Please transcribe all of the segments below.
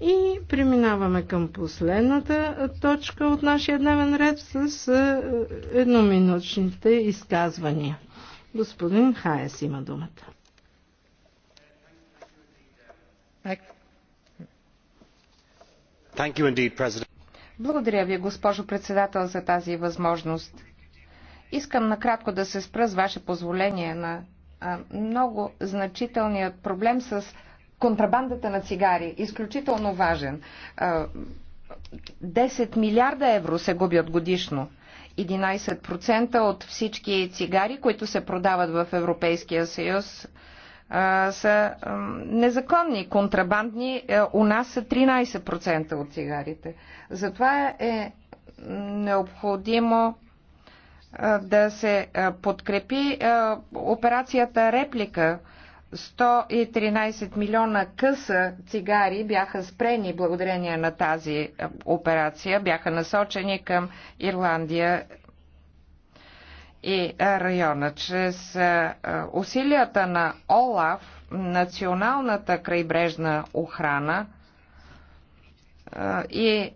И преминаваме към последната точка от нашия дневен ред с е, едноминучните изказвания. Господин Хаес има думата. Благодаря ви, госпожо председател, за тази възможност. Искам накратко да се спра с ваше позволение на много значителният проблем с контрабандата на цигари, изключително важен. 10 милиарда евро се губят годишно. 11% от всички цигари, които се продават в Европейския съюз, са незаконни, контрабандни. Е, у нас са 13% от цигарите. Затова е необходимо да се подкрепи операцията реплика 113 милиона къса цигари бяха спрени благодарение на тази е, операция, бяха насочени към Ирландия и е, района. Чрез е, усилията на ОЛАФ, националната крайбрежна охрана и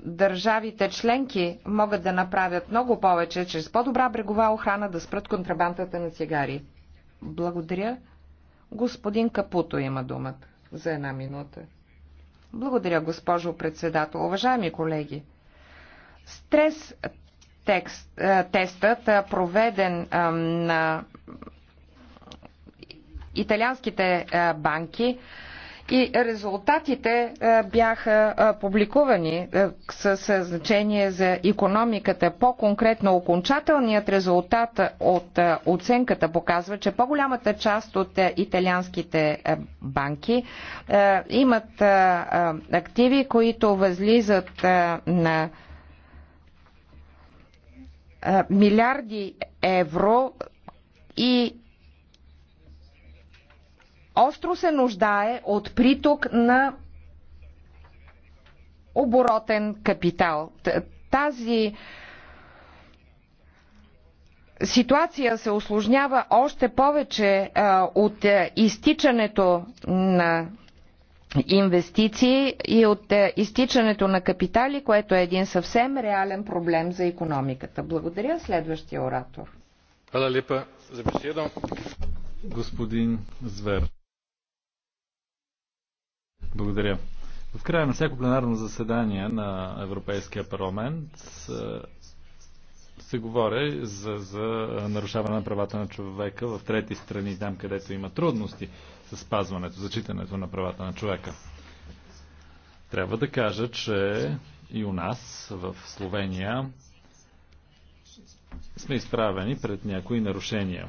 държавите членки могат да направят много повече чрез по-добра брегова охрана да спрат контрабандата на цигари. Благодаря. Господин Капуто има думата за една минута. Благодаря, госпожо председател. Уважаеми колеги, стрес текст, е, тестът, е, проведен е, на италианските банки, и резултатите е, бяха е, публикувани е, с значение за економиката. По-конкретно окончателният резултат от оценката показва, че по-голямата част от италианските банки имат активи, които възлизат на милиарди евро и остро се нуждае от приток на оборотен капитал. Тази ситуация се осложнява още повече а, от а, е, изтичането на инвестиции и от а, е, изтичането на капитали, което е един съвсем реален проблем за економиката. Благодаря. Следващия оратор. Хвала лепа за беседа. Господин Звер. Благодаря. В края на всяко пленарно заседание на Европейския парламент се говори за, за нарушаване на правата на човека в трети страни, там където има трудности с спазването, зачитането на правата на човека. Трябва да кажа, че и у нас в Словения сме изправени пред някои нарушения.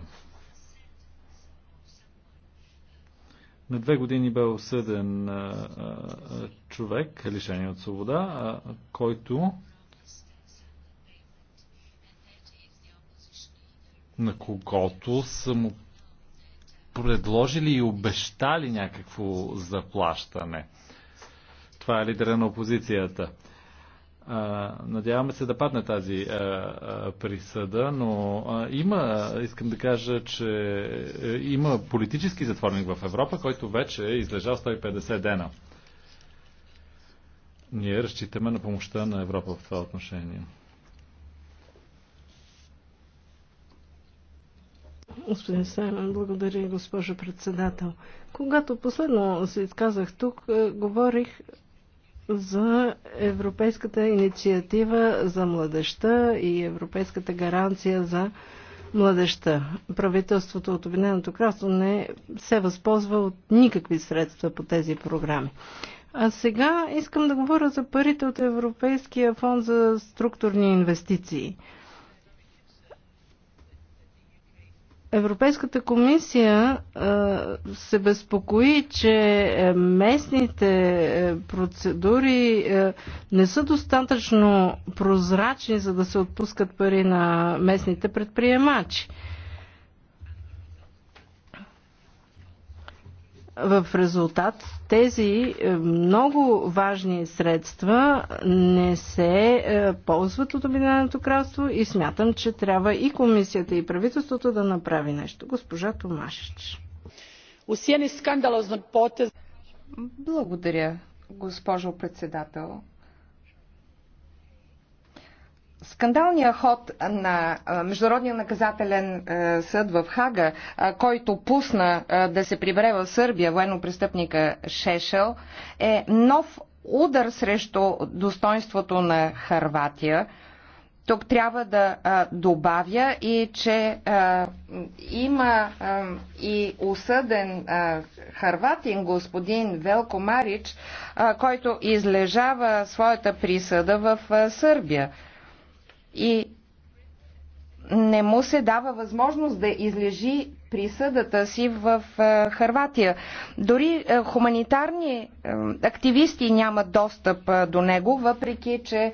На две години бе осъден а, а, човек, лишен от свобода, а, който на когото са му предложили и обещали някакво заплащане. Това е лидера на опозицията. Надяваме се да падне тази присъда, но има, искам да кажа, че е, има политически затворник в Европа, който вече е излежал 150 дена. Ние разчитаме на помощта на Европа в това отношение. Господин Саймон, благодаря, госпожо председател. Когато последно се изказах тук, е, говорих за Европейската инициатива за младеща и Европейската гаранция за младеща. Правителството от Обединеното кралство не се възползва от никакви средства по тези програми. А сега искам да говоря за парите от Европейския фонд за структурни инвестиции – Европейската комисия се безпокои, че е, местните е, процедури е, не са достатъчно прозрачни, за да се отпускат пари на местните предприемачи. В резултат тези е, много важни средства не се е, ползват от Обединеното кралство и смятам, че трябва и комисията и правителството да направи нещо. Госпожа Томашич. Благодаря, госпожо председател скандалният ход на Международния наказателен съд в Хага, който пусна да се прибере в Сърбия военно-престъпника Шешел, е нов удар срещу достоинството на Харватия. Тук трябва да а, добавя и, че а, има а, и осъден а, харватин господин Велко Марич, а, който излежава своята присъда в а, Сърбия и не му се дава възможност да излежи присъдата си в е, Харватия. Дори е, хуманитарни е, активисти нямат достъп до него, въпреки че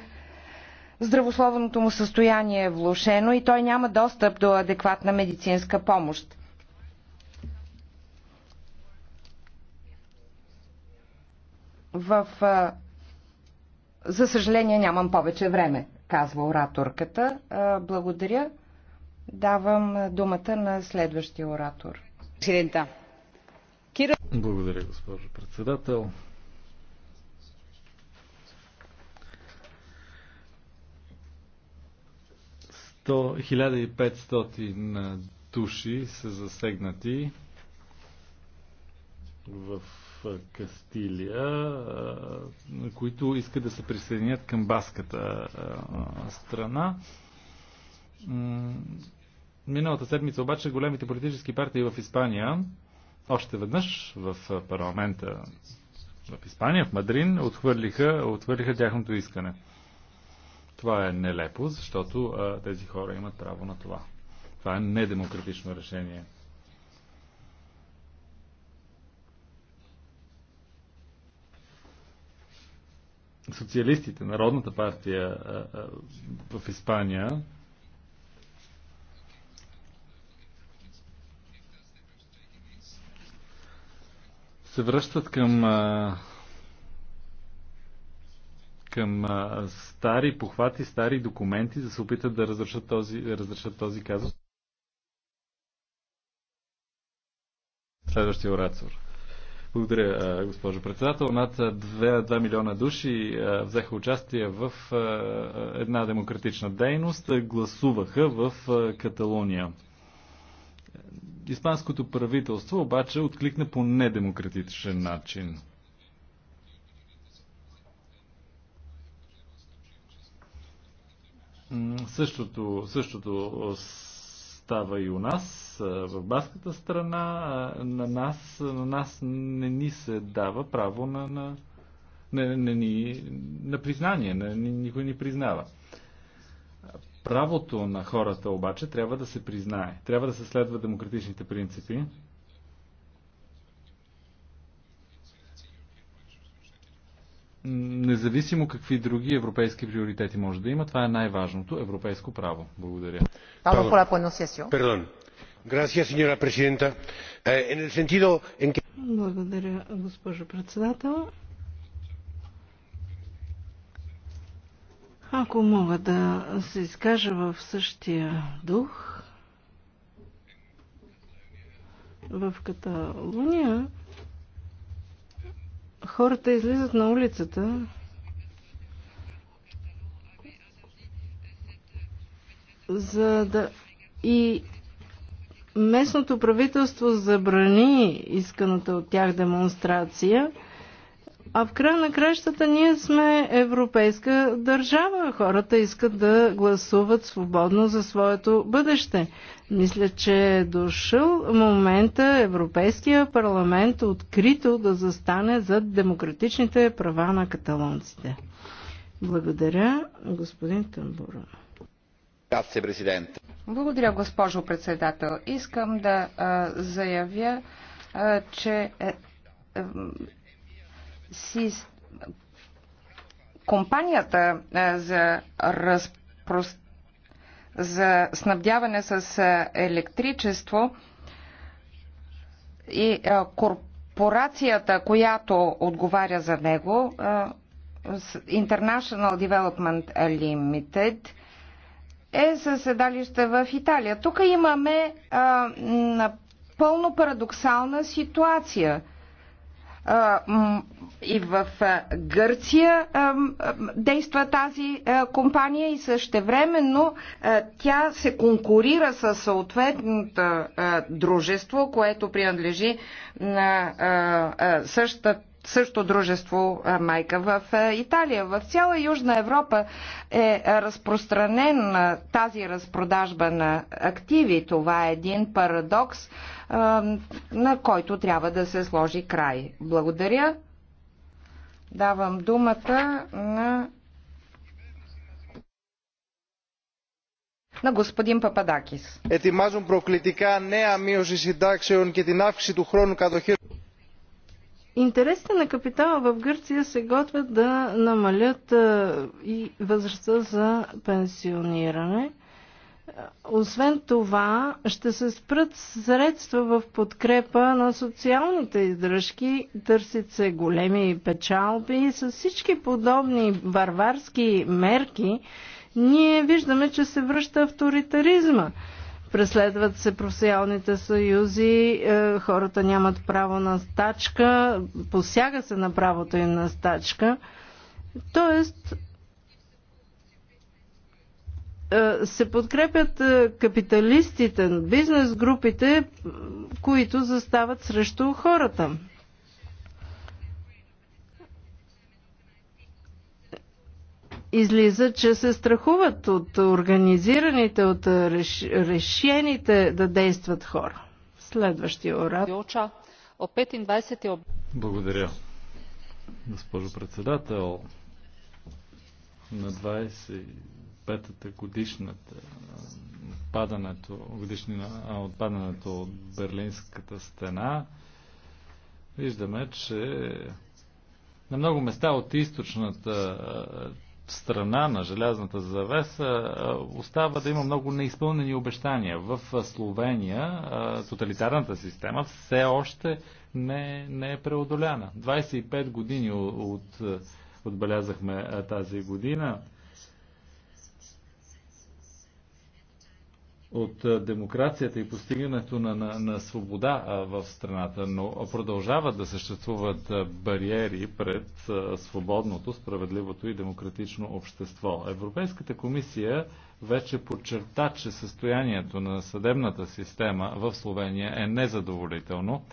здравословното му състояние е влушено и той няма достъп до адекватна медицинска помощ. В... За съжаление нямам повече време казва ораторката. Благодаря. Давам думата на следващия оратор. Благодаря, госпожо председател. То 1500 души са засегнати в Кастилия, които искат да се присъединят към баската страна. Миналата седмица обаче големите политически партии в Испания още веднъж в парламента в Испания, в Мадрин, отхвърлиха, отхвърлиха тяхното искане. Това е нелепо, защото а, тези хора имат право на това. Това е недемократично решение. социалистите, Народната партия в Испания, се връщат към към а, стари похвати, стари документи, за да се опитат да разрешат този, разрешат този казус. Следващия оратор. Благодаря, госпожо председател. Над 2, 2 милиона души взеха участие в една демократична дейност, гласуваха в Каталония. Испанското правителство обаче откликна по недемократичен начин. Същото, същото става и у нас, в баската страна, на нас, на нас не ни се дава право на, на, на, на, ни, на признание, на, никой ни признава. Правото на хората обаче трябва да се признае, трябва да се следва демократичните принципи, независимо какви други европейски приоритети може да има, това е най-важното европейско право. Благодаря. Е, е, Благодаря, госпожо председател. Ако мога да се изкажа в същия дух, в Каталуния хората излизат на улицата. За да... И местното правителство забрани исканата от тях демонстрация – а в края на кращата ние сме европейска държава. Хората искат да гласуват свободно за своето бъдеще. Мисля, че е дошъл момента Европейския парламент открито да застане за демократичните права на каталонците. Благодаря, господин Тамбуро. Благодаря, госпожо председател. Искам да а, заявя, а, че е, е, си... Компанията за, разпро... за снабдяване с електричество и корпорацията, която отговаря за него, International Development Limited, е със седалище в Италия. Тук имаме а, пълно парадоксална ситуация – и в Гърция действа тази компания и същевременно тя се конкурира с съответното дружество, което принадлежи на същата също дружество майка в Италия. В цяла Южна Европа е разпространен тази разпродажба на активи. Това е един парадокс, на който трябва да се сложи край. Благодаря. Давам думата на на господин Пападакис. Ετοιμάζουν проклитика νέα μείωση συντάξεων και την αύξηση του χρόνου κατοχής. Интересите на капитала в Гърция се готвят да намалят и възрастта за пенсиониране. Освен това, ще се спрат средства в подкрепа на социалните издръжки, търсят се големи печалби и с всички подобни варварски мерки ние виждаме, че се връща авторитаризма преследват се професионалните съюзи, е, хората нямат право на стачка, посяга се на правото им на стачка. Тоест, е, се подкрепят е, капиталистите, бизнес групите, които застават срещу хората. излиза, че се страхуват от организираните, от решените да действат хора. Следващия ора. Благодаря. Госпожо председател, на 25-та годишната падането, годишнина от падането от Берлинската стена, виждаме, че на много места от източната страна на желязната завеса остава да има много неизпълнени обещания. В Словения тоталитарната система все още не, не е преодоляна. 25 години от, отбелязахме тази година. от демокрацията и постигането на, на, на свобода в страната, но продължават да съществуват бариери пред свободното, справедливото и демократично общество. Европейската комисия вече подчерта, че състоянието на съдебната система в Словения е незадоволително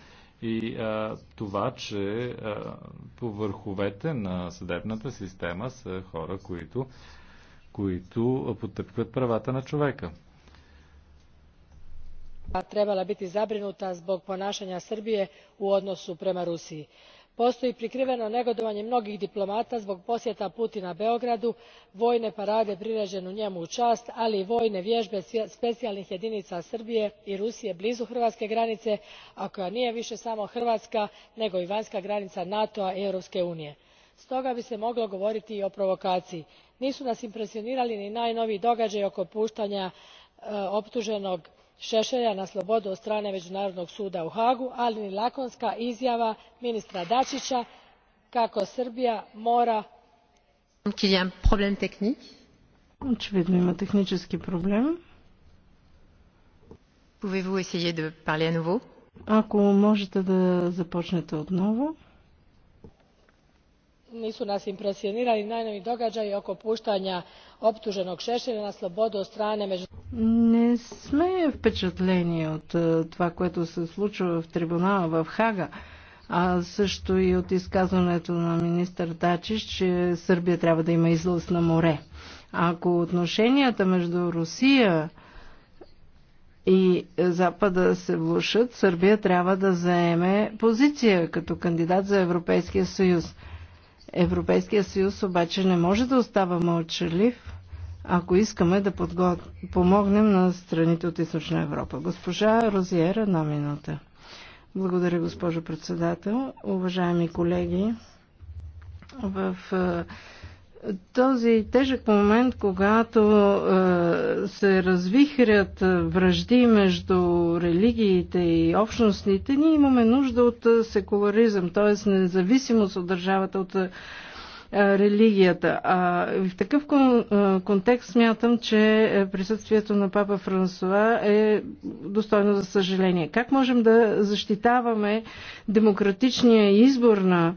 и а, това, че а, по върховете на съдебната система са хора, които, които потъпкват правата на човека trebala biti zabrinuta zbog ponaanja srbije u odnosu prema rusiji. postoji prikriveno negodovanje mnogih diplomata zbog posjeta putina beogradu vojne parade prireene njemu u ast ali i vojne vjebe specijalnih jedinica srbije i rusije blizu hrvatske granice a koja nije vie samo hrvatska nego i vanjska granica nato a i europske unije. stoga bi se moglo govoriti i o provokaciji. nisu nas impresionirali ni najnoviji dogaaj oko putanja optuenog šešelja na slobodu od strane međunarodnog suda u haagu ali ni lakonska izjava ministra dačića kako srbija mora nisu nas impresionirali najnoviji događaji oko puštanja optuženog šešelja na slobodu od strane Не сме впечатлени от това, което се случва в трибунала в Хага, а също и от изказването на министър Дачиш, че Сърбия трябва да има излъз на море. Ако отношенията между Русия и Запада се влушат, Сърбия трябва да заеме позиция като кандидат за Европейския съюз – Европейския съюз обаче не може да остава мълчалив, ако искаме да подгод... помогнем на страните от Източна Европа. Госпожа Розиера, една минута. Благодаря, госпожо председател. Уважаеми колеги, в е, този тежък момент, когато е, се развихрят връжди между религиите и общностните, ние имаме нужда от е, секуларизъм, т.е. независимост от държавата, от е, религията. А в такъв е, контекст смятам, че присъствието на папа Франсуа е достойно за съжаление. Как можем да защитаваме демократичния избор на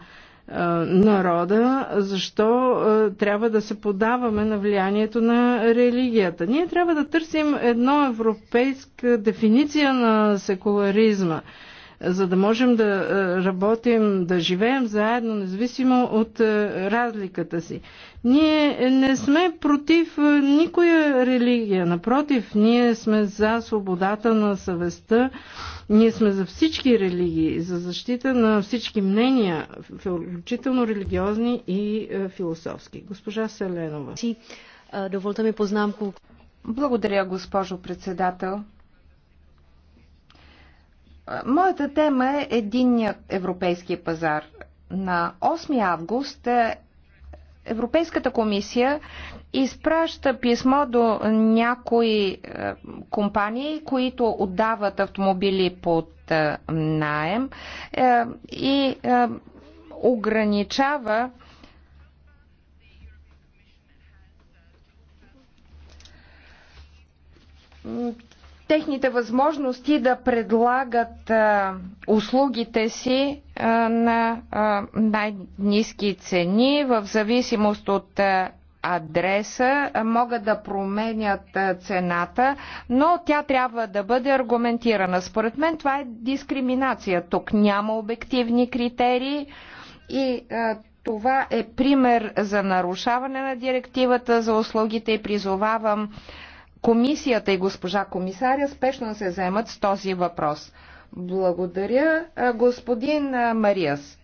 е, народа, защо е, трябва да се подаваме на влиянието на религията. Ние трябва да търсим едно европейска дефиниция на секуларизма, за да можем да е, работим, да живеем заедно, независимо от разликата си. Ние не сме против никоя религия. Напротив, ние сме за свободата на съвестта ние сме за всички религии, за защита на всички мнения, включително религиозни и е, философски. Госпожа Селенова. Е, доволта ми познамку. Благодаря, госпожо председател. Е, моята тема е единният европейски пазар. На 8 август Европейската комисия изпраща писмо до някои е, компании, които отдават автомобили под е, наем е, и ограничава техните възможности да предлагат услугите си на най-низки цени в зависимост от адреса, могат да променят цената, но тя трябва да бъде аргументирана. Според мен това е дискриминация. Тук няма обективни критерии и това е пример за нарушаване на директивата за услугите и призовавам комисията и госпожа комисаря спешно да се вземат с този въпрос. Благодаря, господин Мариас.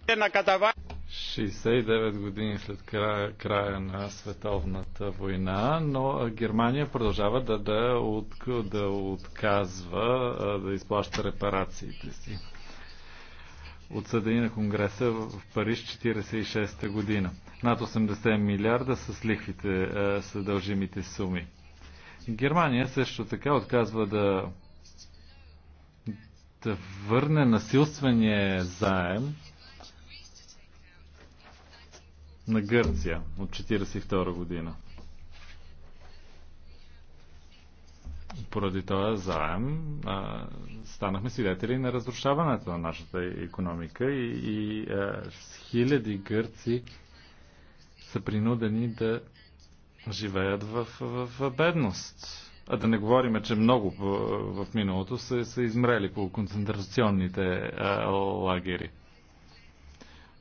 69 години след края, края на световната война, но Германия продължава да, да, от, да отказва да изплаща репарациите си. Отсъдени на Конгреса в Париж 1946 година. Над 80 милиарда с лихвите, съдължимите дължимите суми. Германия също така отказва да, да върне насилствения заем на Гърция от 1942 година. Поради този заем а, станахме свидетели на разрушаването на нашата економика и, и а, хиляди гърци са принудени да живеят в, в, в бедност. А да не говорим, че много в, в миналото са, са измрели по концентрационните а, лагери.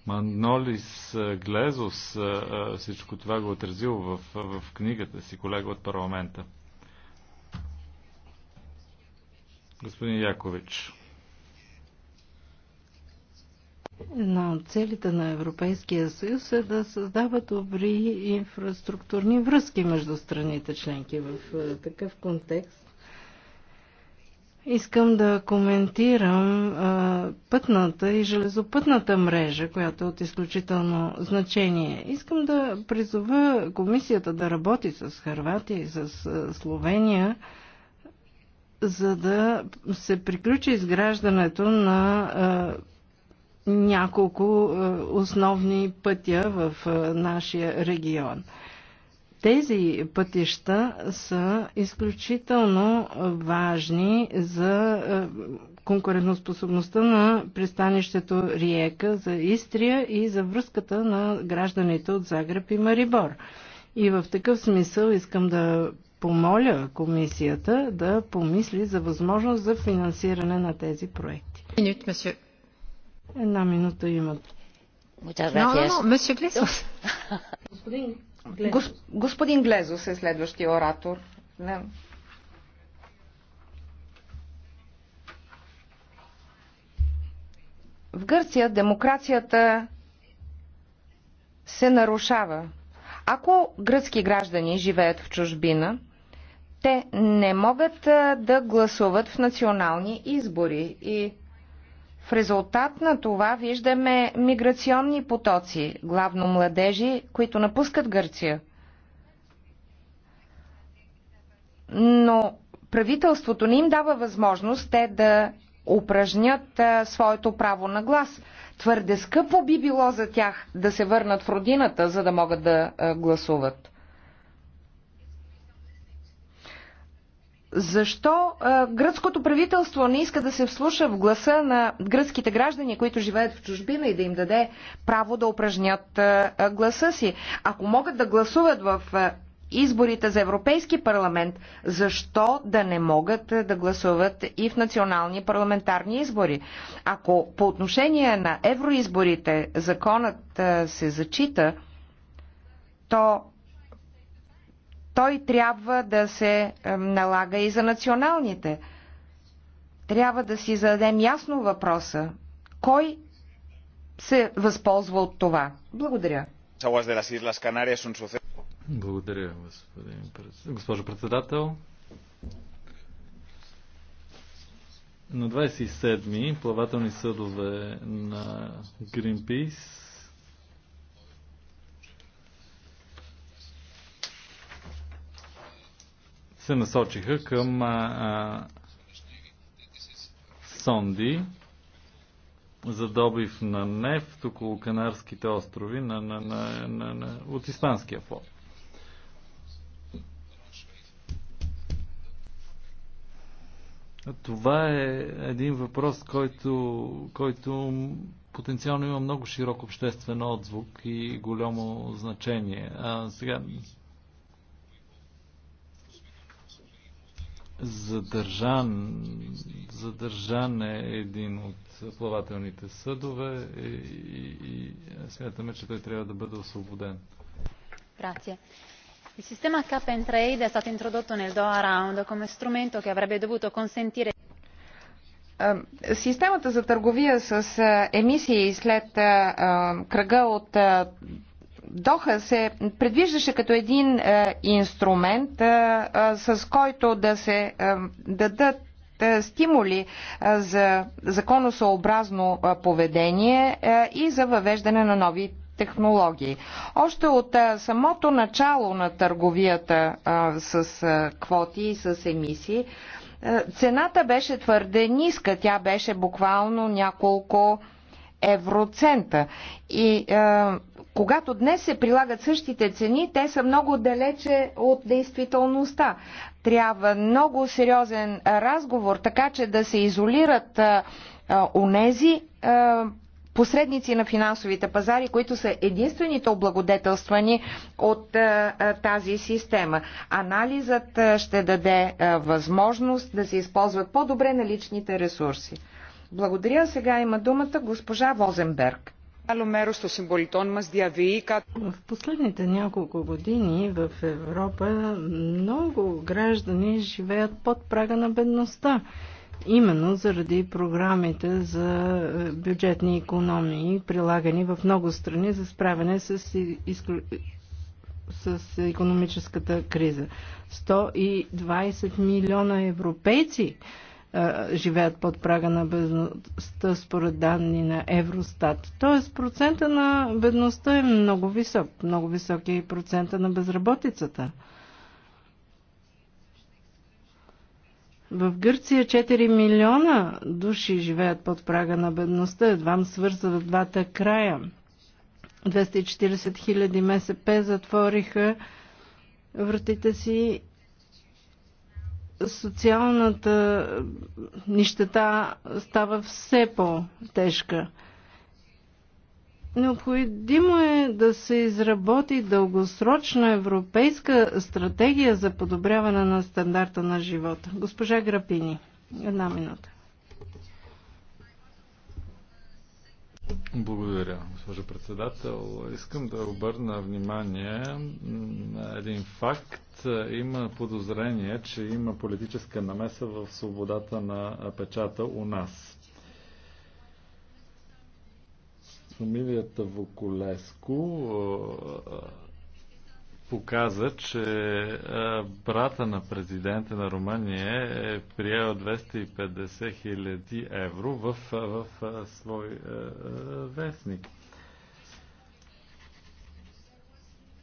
Манолис Глезос а, всичко това го е отразил в, в книгата си, колега от парламента. Господин Якович. Една от целите на Европейския съюз е да създава добри инфраструктурни връзки между страните членки в е, такъв контекст. Искам да коментирам а, е, пътната и железопътната мрежа, която е от изключително значение. Искам да призова комисията да работи с Харватия и с е, Словения, за да се приключи изграждането на а, няколко е, основни пътя в е, нашия регион. Тези пътища са изключително важни за е, конкурентоспособността на пристанището Риека за Истрия и за връзката на гражданите от Загреб и Марибор. И в такъв смисъл искам да помоля комисията да помисли за възможност за финансиране на тези проекти. Минут, месье. Една минута има. No, no, no, Monsieur Господин Глезос. Гос, господин Глезос е следващия оратор. Не. В Гърция демокрацията се нарушава. Ако гръцки граждани живеят в чужбина, те не могат да гласуват в национални избори и в резултат на това виждаме миграционни потоци, главно младежи, които напускат Гърция. Но правителството не им дава възможност те да упражнят а, своето право на глас. Твърде скъпо би било за тях да се върнат в родината, за да могат да а, гласуват. Защо а, гръцкото правителство не иска да се вслуша в гласа на гръцките граждани, които живеят в чужбина и да им даде право да упражнят а, гласа си? Ако могат да гласуват в а, изборите за Европейски парламент, защо да не могат да гласуват и в национални парламентарни избори? Ако по отношение на евроизборите законът се зачита, то той трябва да се налага и за националните. Трябва да си зададем ясно въпроса. Кой се възползва от това? Благодаря. Благодаря, господин, госпожо председател. На 27-ми плавателни съдове на Greenpeace се насочиха към а, а, сонди за добив на нефт около Канарските острови на, на, на, на, на, от Испанския флот. Това е един въпрос, който, който потенциално има много широк обществен отзвук и голямо значение. А, сега задържан, задържан е един от плавателните съдове и, и, и смятаме, че той трябва да бъде освободен. Grazie. Il sistema cap and trade è stato introdotto nel Doha Round come strumento che avrebbe dovuto consentire Системата за търговия с емисии след кръга от Доха се предвиждаше като един е, инструмент, е, е, с който да се дадат стимули за законосъобразно поведение и за въвеждане на нови технологии. Още от самото начало на търговията с квоти и с емисии, цената беше твърде ниска. Тя беше буквално няколко евроцента. И когато днес се прилагат същите цени, те са много далече от действителността. Трябва много сериозен разговор, така че да се изолират а, унези посредници на финансовите пазари, които са единствените облагодетелствани от тази система. Анализът ще даде възможност да се използват по-добре наличните ресурси. Благодаря. Сега има думата госпожа Возенберг. В последните няколко години в Европа много граждани живеят под прага на бедността, именно заради програмите за е, бюджетни економии, прилагани в много страни за справяне с изклю с економическата криза. 120 милиона европейци живеят под прага на бедността според данни на Евростат. Тоест процента на бедността е много висок. Много висок е и процента на безработицата. В Гърция 4 милиона души живеят под прага на бедността. Едва свързват двата края. 240 хиляди МСП затвориха вратите си социалната нищета става все по-тежка. Необходимо е да се изработи дългосрочна европейска стратегия за подобряване на стандарта на живота. Госпожа Грапини, една минута. Благодаря, госпожо председател. Искам да обърна внимание на един факт. Има подозрение, че има политическа намеса в свободата на печата у нас. Фамилията Воколеско показа, че брата на президента на Румъния е приел 250 хиляди евро в, в, в свой вестник.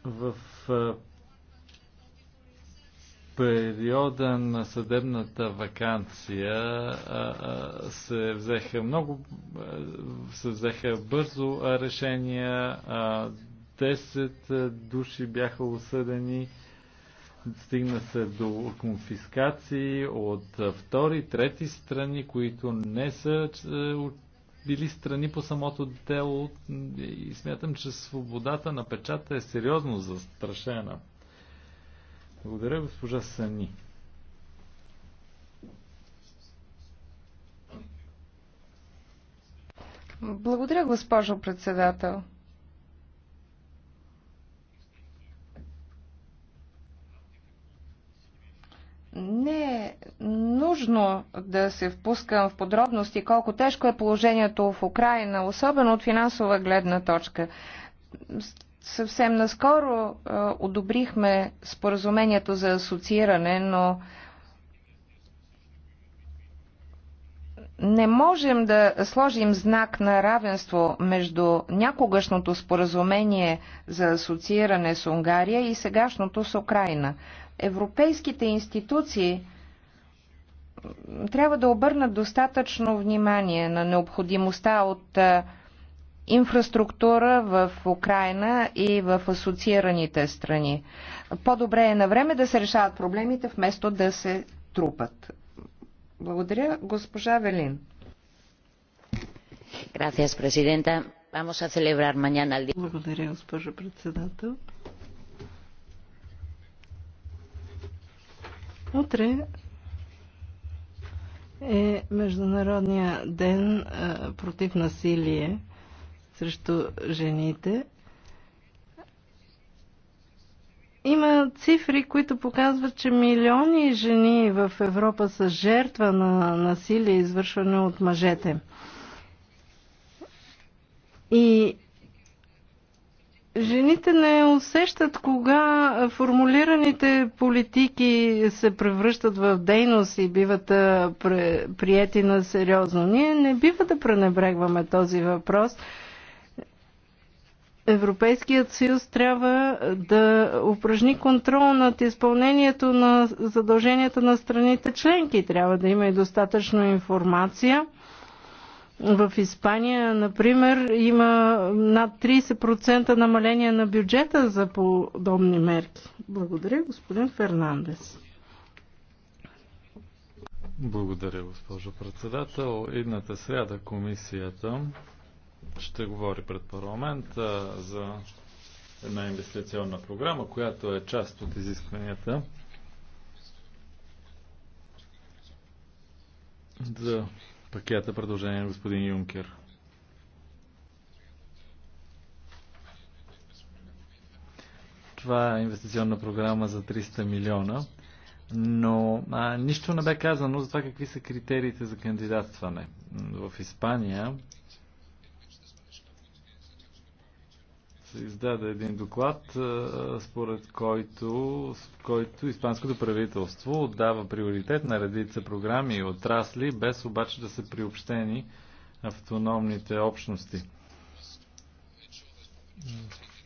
В периода на съдебната вакансия е, се взеха много, е, се взеха бързо решения. Е, 10 души бяха осъдени. Стигна се до конфискации от втори, трети страни, които не са били страни по самото дело и смятам, че свободата на печата е сериозно застрашена. Благодаря, госпожа Сани. Благодаря, госпожо председател. нужно да се впускам в подробности колко тежко е положението в Украина, особено от финансова гледна точка. Съвсем наскоро а, одобрихме споразумението за асоцииране, но не можем да сложим знак на равенство между някогашното споразумение за асоцииране с Унгария и сегашното с Украина. Европейските институции трябва да обърнат достатъчно внимание на необходимостта от инфраструктура в Украина и в асоциираните страни. По-добре е на време да се решават проблемите, вместо да се трупат. Благодаря, госпожа Велин. Благодаря, госпожо председател. Утре е Международния ден е, против насилие срещу жените. Има цифри, които показват, че милиони жени в Европа са жертва на насилие, извършване от мъжете. И Жените не усещат кога формулираните политики се превръщат в дейност и биват прияти на сериозно. Ние не бива да пренебрегваме този въпрос. Европейският съюз трябва да упражни контрол над изпълнението на задълженията на страните членки. Трябва да има и достатъчно информация в Испания, например, има над 30% намаление на бюджета за подобни мерки. Благодаря, господин Фернандес. Благодаря, госпожо председател. Идната сряда комисията ще говори пред парламента за една инвестиционна програма, която е част от изискванията за пакета продължение на господин Юнкер. Това е инвестиционна програма за 300 милиона, но а, нищо не бе казано за това какви са критериите за кандидатстване. В Испания се издаде един доклад, според който, който испанското правителство отдава приоритет на редица програми и отрасли, без обаче да са приобщени автономните общности.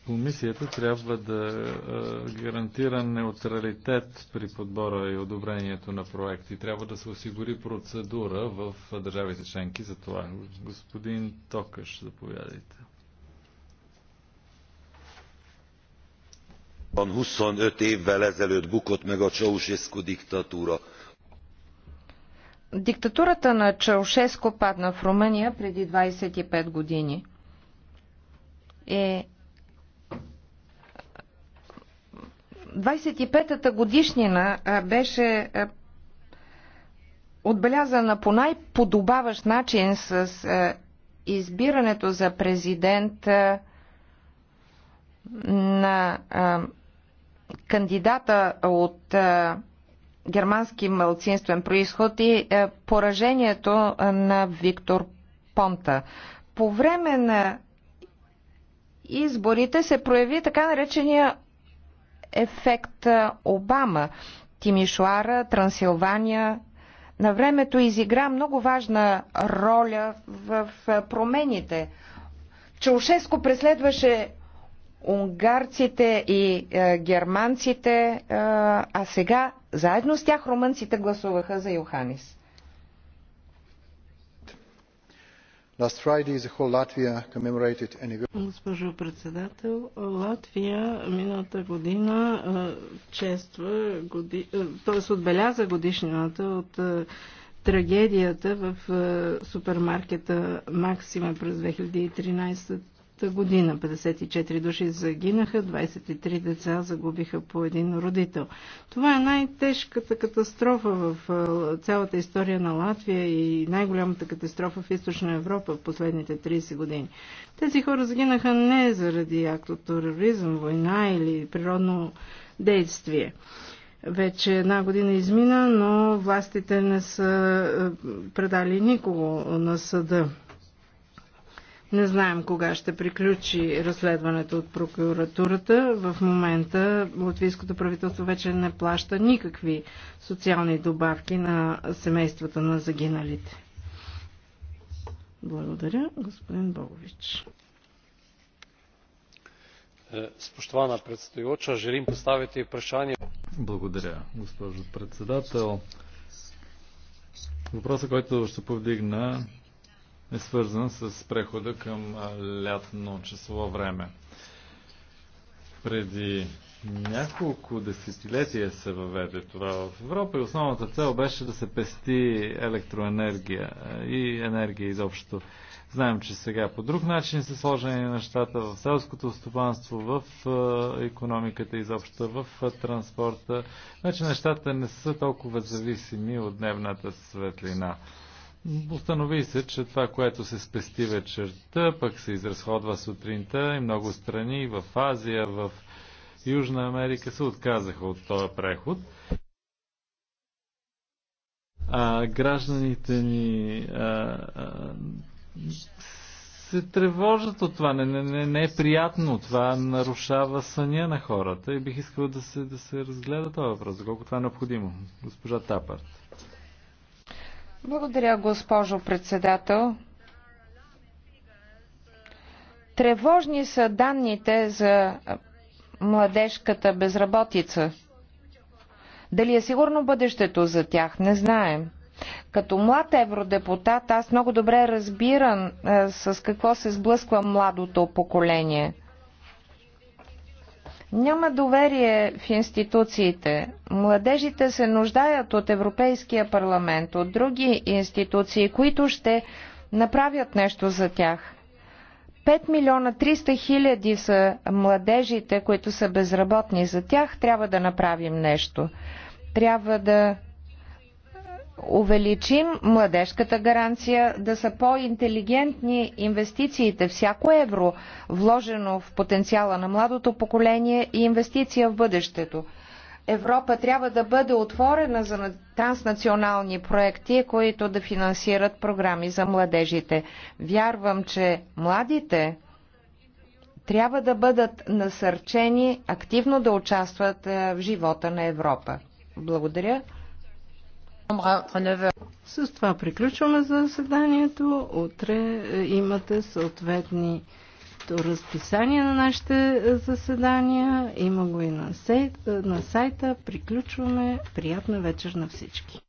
Комисията трябва да гарантира неутралитет при подбора и одобрението на проекти. Трябва да се осигури процедура в държавите членки за това. Господин Токаш, заповядайте. twenty five évvel ezelőtt bukott meg a ceausescu diktatúra. Диктатурата на Чаушеско падна в Румъния преди 25 години. Е 25-та годишнина беше отбелязана по най-подобаващ начин с избирането за президент на кандидата от е, германски мълцинствен происход и е, поражението на Виктор Понта. По време на изборите се прояви така наречения ефект е, Обама. Тимишуара, Трансилвания на времето изигра много важна роля в промените. Чаушеско преследваше унгарците и е, германците, е, а сега заедно с тях румънците гласуваха за Йоханис. Госпожо председател, Латвия миналата година е, чества, годи... Е, т.е. отбеляза годишнината от е, трагедията в супермаркета Максима през 2013 година. 54 души загинаха, 23 деца загубиха по един родител. Това е най-тежката катастрофа в цялата история на Латвия и най-голямата катастрофа в Източна Европа в последните 30 години. Тези хора загинаха не заради акт от тероризъм, война или природно действие. Вече една година измина, но властите не са предали никого на съда. Не знаем кога ще приключи разследването от прокуратурата. В момента латвийското правителство вече не плаща никакви социални добавки на семействата на загиналите. Благодаря, господин Богович. Е, Спощвана предстояча, желим поставите прашание. Благодаря, госпожо председател. Въпросът, който ще повдигна е свързан с прехода към лятно часово време. Преди няколко десетилетия се въведе това в Европа и основната цел беше да се пести електроенергия и енергия изобщо. Знаем, че сега по друг начин са сложени нещата в селското стопанство, в економиката изобщо, в транспорта. Значи нещата не са толкова зависими от дневната светлина. Установи се, че това, което се спести вечерта, пък се изразходва сутринта и много страни в Азия, в Южна Америка се отказаха от този преход. А, гражданите ни а, а, се тревожат от това. Не, не, не, не е приятно. Това нарушава съня на хората и бих искал да се, да се разгледа този въпрос, колко това е необходимо. Госпожа Тапарт. Благодаря, госпожо председател. Тревожни са данните за младежката безработица. Дали е сигурно бъдещето за тях, не знаем. Като млад евродепутат, аз много добре разбирам с какво се сблъсква младото поколение – няма доверие в институциите. Младежите се нуждаят от Европейския парламент, от други институции, които ще направят нещо за тях. 5 милиона 300 хиляди са младежите, които са безработни. За тях трябва да направим нещо. Трябва да увеличим младежката гаранция, да са по-интелигентни инвестициите. Всяко евро, вложено в потенциала на младото поколение и е инвестиция в бъдещето. Европа трябва да бъде отворена за транснационални проекти, които да финансират програми за младежите. Вярвам, че младите трябва да бъдат насърчени активно да участват е, в живота на Европа. Благодаря. С това приключваме заседанието. Утре е, имате съответни разписания на нашите е, заседания. Има го и е, на сайта. Приключваме. Приятна вечер на всички.